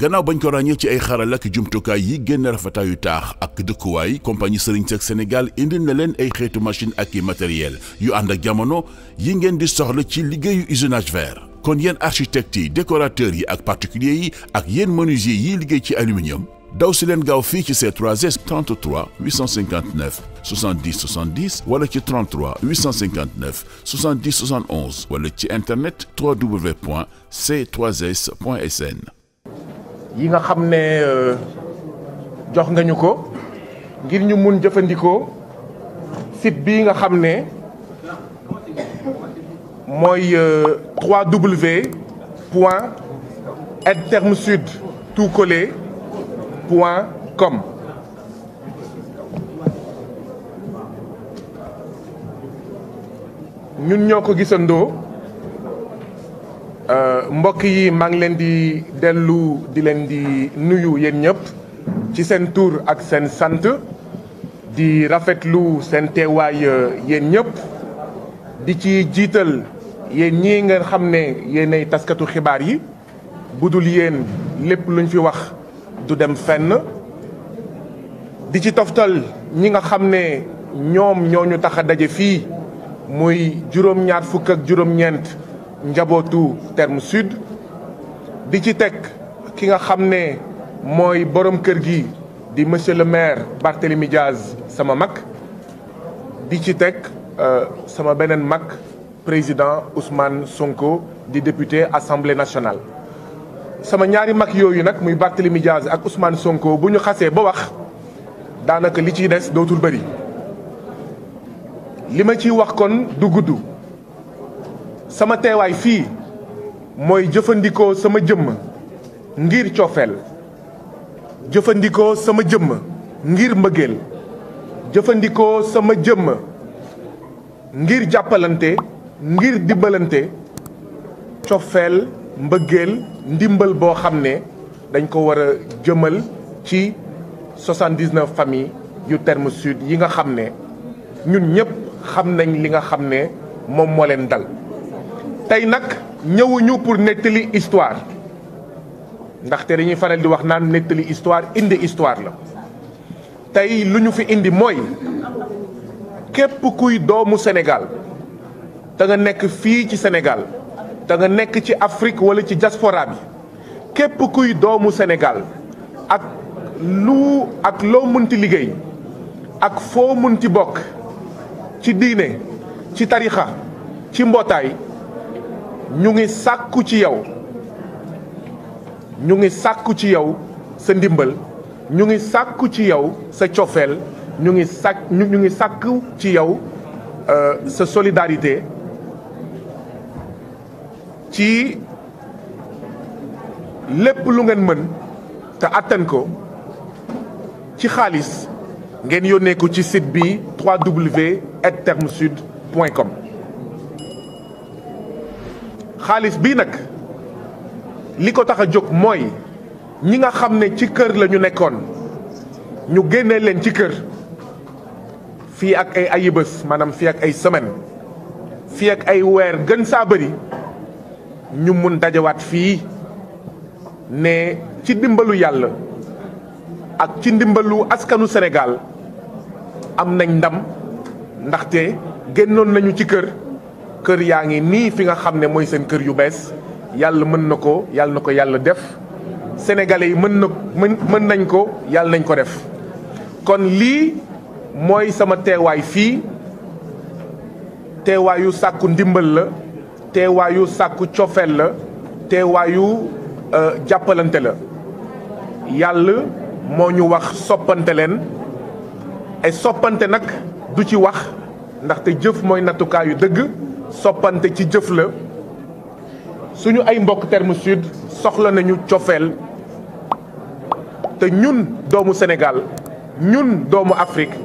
gannaaw bañ ko ràññee ci ay xaral ak jumtukaay yi génn rafetaayu taax ak dëkkuwaay compagnie Serigne Seck Sénégal indil na leen ay xeetu machine ak i matériel yu ànd ak jamono yi ngeen di soxla ci liggéeyu usinage vert. kon yéen architectes yi décorateur yi ak particulier yi ak yéen menuisier yi liggéey ci aluminium daw si leen gaaw fii ci ces 3S 33 859 70 70 wala ci 33 859 70 71 wala ci internet www.c3s.sn. yi nga xam ne euh, jox nga ko ngir ñu mun jëfandikoo site bi nga xam ne mooy 3W euh, point aide terme sud tout collé point com. ñun ñoo ko gisandoo. Euh, mbokk yi maa leen di dellu di leen di nuyu yéen ñëpp ci seen tuur ak seen sant di rafetlu seen teewaay euh, yéen ñëpp di ci jiital yéen ñii nga xam ne yéenay taskatu xibaar yi bu dul yéen lépp luñ fi wax du dem fenn di ci toftal ñi nga xam ne ñoom ñoo ñu tax a daje fii muy juróom-ñaar fukk ak juróom-ñeent. njabootu terme sud di ci teg ki nga xam ne mooy borom kër gi di monsieur le maire Barthélémy Diaz sama mag di ci teg euh, sama beneen mag président Ousmane Sonko di député assemblée nationale sama ñaari mag yooyu nag muy Barthélémy Diaz ak Ousmane Sonko bu ñu xasee ba wax daanaka li ci des dootul bëri li ma ci wax kon du gudd sama teewaay fii mooy jëfandikoo sama jëmm ngir coofeel jëfandikoo sama jëmm ngir mbëggeel jëfandikoo sama jëmm ngir jàppalante ngir dimbalante coofeel mbëggeel ndimbal boo xam ne dañ ko war a jëmmal ci 79 familles yu terme sud yi nga xam ne ñun ñëpp xam nañ li nga xam ne moom moo leen dal tey nag ñëwuñu pour nettali histoire ndaxte dañuy faral di wax naan nettali histoire indi histoire la tey lu ñu fi indi mooy képp kuy doomu Sénégal te nga nekk fii ci Sénégal te nga nekk ci Afrique wala ci diaspora bi képp kuy doomu Sénégal ak lu ak loo mënti liggéey ak foo munti bokk ci diine ci tarixa ci mbootaay ñu ngi sàkku ci yow ñu ngi sàkku ci yow sa ndimbal ñu ngi sàkku ci yow sa cofeel ñu ngi sàkk ñu ngi sàkku ci yow euh, sa solidarité ci lépp lu ngeen mën te attan ko ci xaalis ngeen yónnee ko ci site bi www.ettermesud.com xaalis bii nag li ko tax a jóg mooy ñi nga xam ne ci kër la ñu nekkoon ñu génnee leen ci kër fii ak ay ayibés maanaam fii ak ay semaine fii ak ay weer gën saa bëri ñu mun dajawaat fii ne ci dimbalu yàlla ak ci ndimbalu askanu senegaal am nañ ndam ndaxte génnoon nañu ci kër. kër yaa ngi nii fi nga xam ne mooy seen kër yu bees yàlla mën na ko yàlla na ko yàlla def senegale yi mën na mën nañ ko yàlla nañ ko def kon lii mooy sama teewaay fii teewaayu sàkku ndimbal la teewaayu sàkku cofeel la teewaayu euh, jàppalante la yàlla moo ñu wax soppante leen ay soppante nag du ci wax ndaxte jëf mooy nattukaayu dëgg soppante ci jëf la suñu ay mbokk terme sud soxla nañu cofeel te ñun doomu senegal ñun doomu Afrique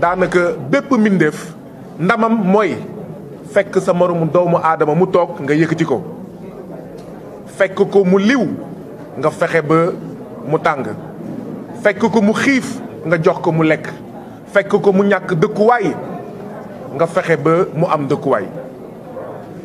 daanaka bépp mbindeef ndamam mooy fekk sa moromu doomu aadama mu toog nga yëkkati ko fekk ko mu liw nga fexe ba mu tàng fekk ko mu xiif nga jox ko mu lekk fekk ko mu ñàkk dëkkuwaay nga fexe ba mu am dëkkuwaay